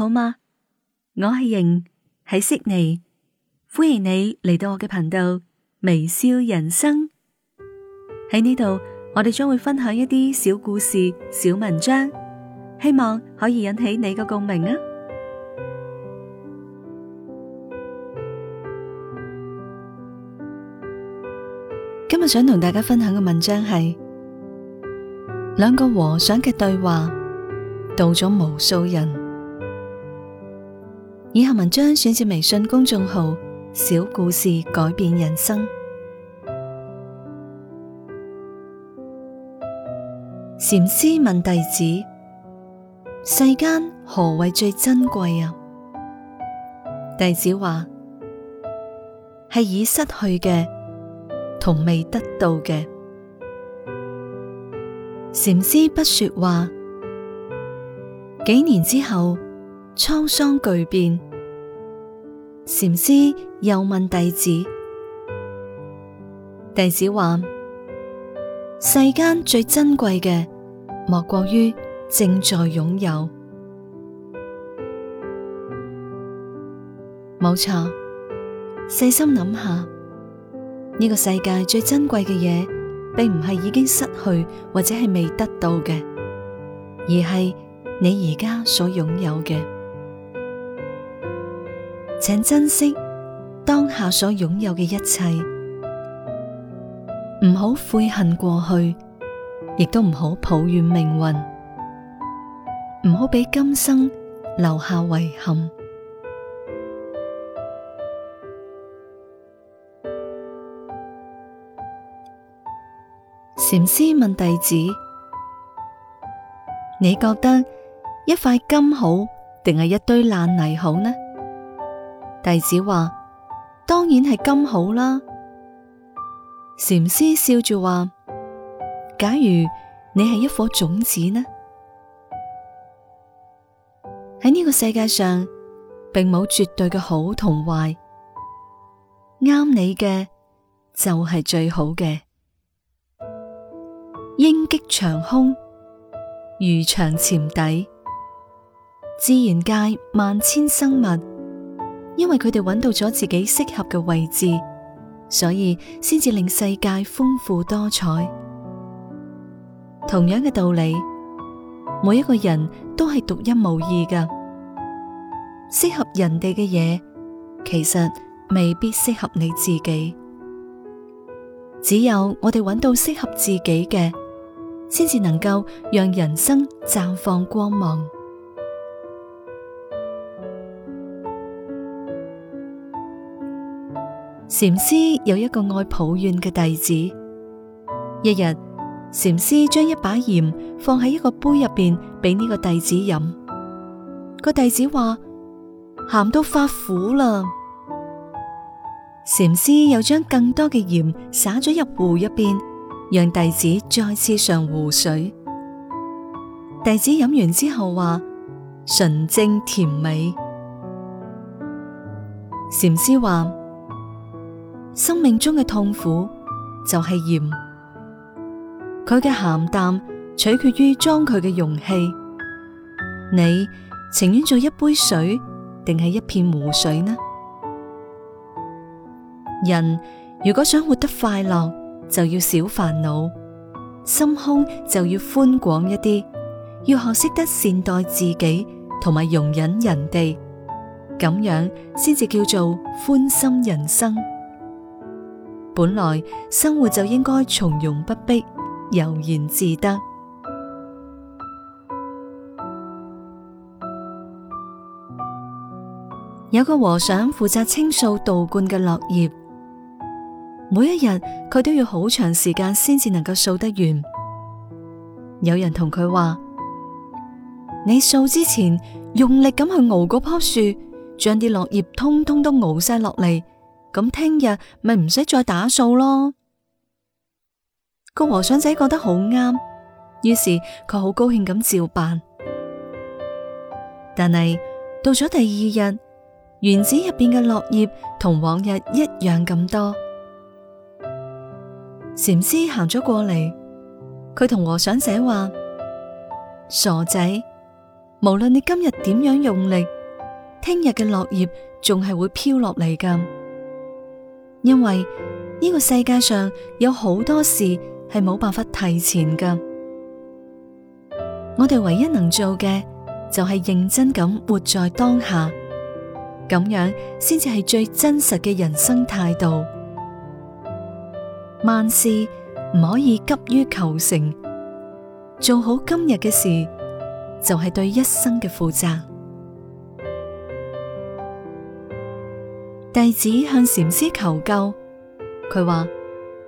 好嗎？我係瑩，喺悉尼，歡迎你嚟到我嘅頻道微笑人生。喺呢度，我哋將會分享一啲小故事、小文章，希望可以引起你嘅共鳴啊！今日想同大家分享嘅文章係兩個和尚嘅對話，道咗無數人。以下文章選自微信公眾號《小故事改變人生》。禪師問弟子：世間何為最珍貴啊？弟子話：係已失去嘅同未得到嘅。禪師不說話。幾年之後，滄桑巨變。禪師又問弟子，弟子話：世間最珍貴嘅，莫過於正在擁有。冇錯，細心諗下，呢個世界最珍貴嘅嘢，並唔係已經失去或者係未得到嘅，而係你而家所擁有嘅。請珍惜當下所擁有嘅一切，唔好悔恨過去，亦都唔好抱怨命運，唔好俾今生留下遺憾。禪師問弟子：你覺得一塊金好，定係一堆爛泥好呢？弟子話：當然係咁好啦。禪師笑住話：假如你係一顆種子呢？喺呢個世界上，並冇絕對嘅好同壞，啱你嘅就係最好嘅。鷹擊長空，魚翔潛底，自然界萬千生物。因為佢哋揾到咗自己適合嘅位置，所以先至令世界豐富多彩。同樣嘅道理，每一個人都係獨一無二㗎，適合人哋嘅嘢，其實未必適合你自己。只有我哋揾到適合自己嘅，先至能夠讓人生綻放光芒。禪師有一個愛抱怨嘅弟子一。一日，禪師將一把鹽放喺一個杯入邊，俾呢個弟子飲。個弟子話鹹到發苦啦。禪師又將更多嘅鹽灑咗入壺入邊，讓弟子再次上壺水。弟子飲完之後話純正甜美。禪師話。生命中嘅痛苦就係鹽，佢嘅鹹淡取決於裝佢嘅容器。你情願做一杯水，定係一片湖水呢？人如果想活得快樂，就要少煩惱，心胸就要寬廣一啲，要學識得善待自己，同埋容忍人哋，咁樣先至叫做寬心人生。本來生活就應該從容不迫，悠然自得。 有個和尚負責清掃道觀嘅落葉，每一日佢都要好長時間先至能夠掃得完。有人同佢話：你掃之前用力咁去熬嗰棵樹，將啲落葉通通都熬曬落嚟。咁聽日咪唔使再打掃咯。個和尚仔覺得好啱，於是佢好高興咁照辦。但係到咗第二日，園子入邊嘅落葉同往日一樣咁多。禪師行咗過嚟，佢同和尚仔話：傻仔，無論你今日點樣用力，聽日嘅落葉仲係會飄落嚟噶。因為呢個世界上有好多事係冇辦法提前㗎，我哋唯一能做嘅，就係認真咁活在當下，咁樣先至係最真實嘅人生態度。萬事唔可以急於求成，做好今日嘅事，就係對一生嘅負責。弟子向禪師求救，佢話：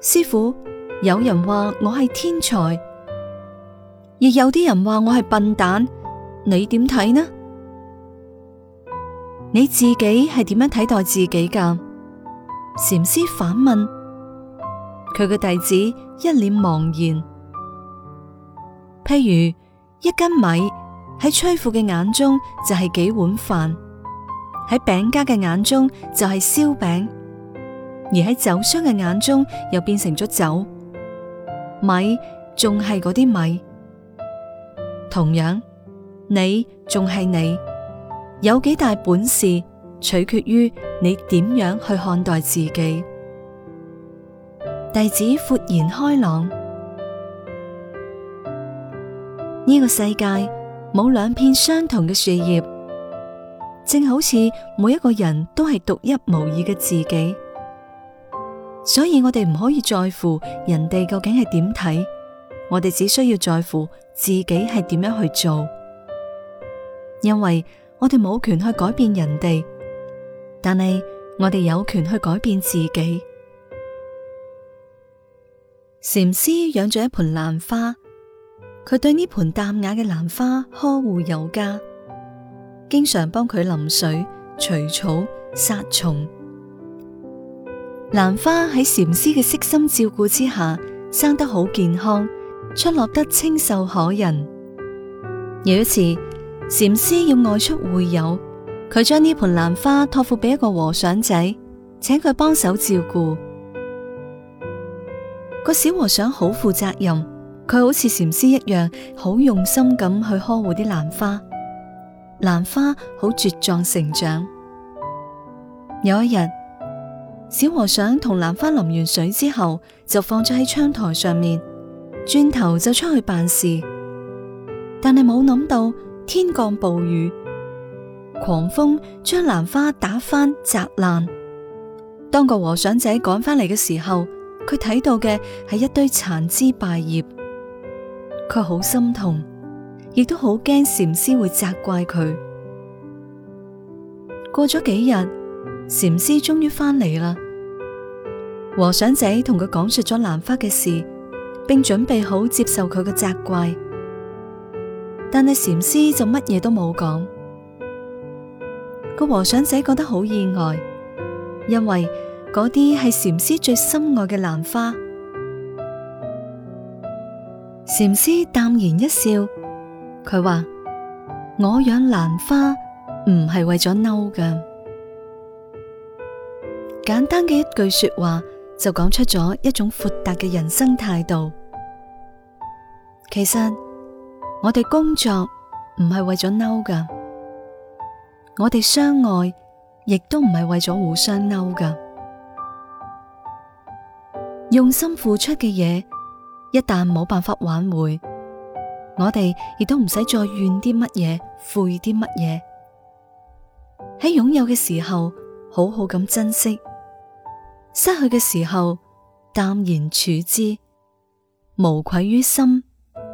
師傅，有人話我係天才，亦有啲人話我係笨蛋，你點睇呢？你自己係點樣睇待自己噶？禪師反問，佢嘅弟子一臉茫然。譬如一斤米喺崔父嘅眼中就係幾碗飯。喺餅家嘅眼中就係燒餅，而喺酒商嘅眼中又變成咗酒。米仲係嗰啲米，同樣你仲係你，有幾大本事，取決於你點樣去看待自己。弟子豁然開朗，呢個世界冇兩片相同嘅樹葉。正好似每一個人都係獨一無二嘅自己，所以我哋唔可以在乎人哋究竟係點睇，我哋只需要在乎自己係點樣去做。因為我哋冇權去改變人哋，但係我哋有權去改變自己。禪師養咗一盆蘭花，佢對呢盆淡雅嘅蘭花呵護有加。經常幫佢淋水、除草、殺蟲。蘭花喺禪師嘅悉心照顧之下，生得好健康，出落得清秀可人。有一次，禪師要外出會友，佢將呢盆蘭花托付俾一個和尚仔，請佢幫手照顧。 個小和尚好負責任，佢好似禪師一樣，好用心咁去呵護啲蘭花。蘭花好茁壯成長。有一日，小和尚同蘭花淋完水之後，就放咗喺窗台上面，轉頭就出去辦事。但係冇諗到天降暴雨，狂風將蘭花打翻砸爛。當個和尚仔趕翻嚟嘅時候，佢睇到嘅係一堆殘枝敗葉，佢好心痛。亦都好驚禪師會責怪佢。過咗幾日，禪師終於返嚟啦。和尚仔同佢講述咗蘭花嘅事，並準備好接受佢嘅責怪。但係禪師就乜嘢都冇講。個和尚仔覺得好意外，因為嗰啲係禪師最心愛嘅蘭花。禪師淡然一笑。佢話：我養蘭花唔係為咗嬲噶，簡單嘅一句說話就講出咗一種豁達嘅人生態度。其實我哋工作唔係為咗嬲噶，我哋相愛亦都唔係為咗互相嬲噶。用心付出嘅嘢，一旦冇辦法挽回。我哋亦都唔使再怨啲乜嘢，悔啲乜嘢。喺擁有嘅時候，好好咁珍惜；失去嘅時候，淡然處之，無愧於心，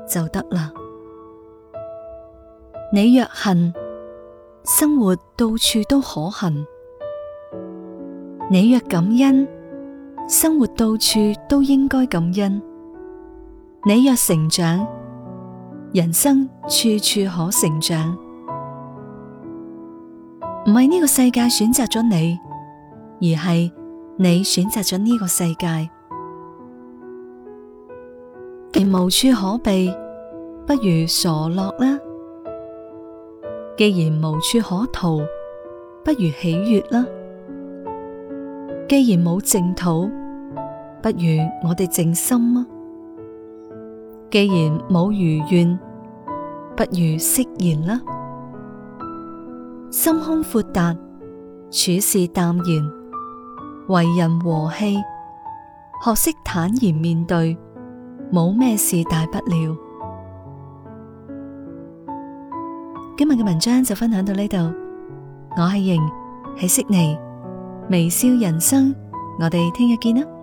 就得啦。你若恨，生活到處都可恨；你若感恩，生活到處都應該感恩。你若成長。人生處處可成長，唔係呢個世界選擇咗你，而係你選擇咗呢個世界。既然無處可避，不如傻落啦；既然無處可逃，不如喜悦啦；既然冇淨土，不如我哋靜心啊！既然冇如願，不如釋然啦。心胸豁達，處事淡然，為人和氣，學識坦然面對，冇咩事大不了。今日嘅文章就分享到呢度，我係瑩，喺悉尼微笑人生，我哋聽日見啦。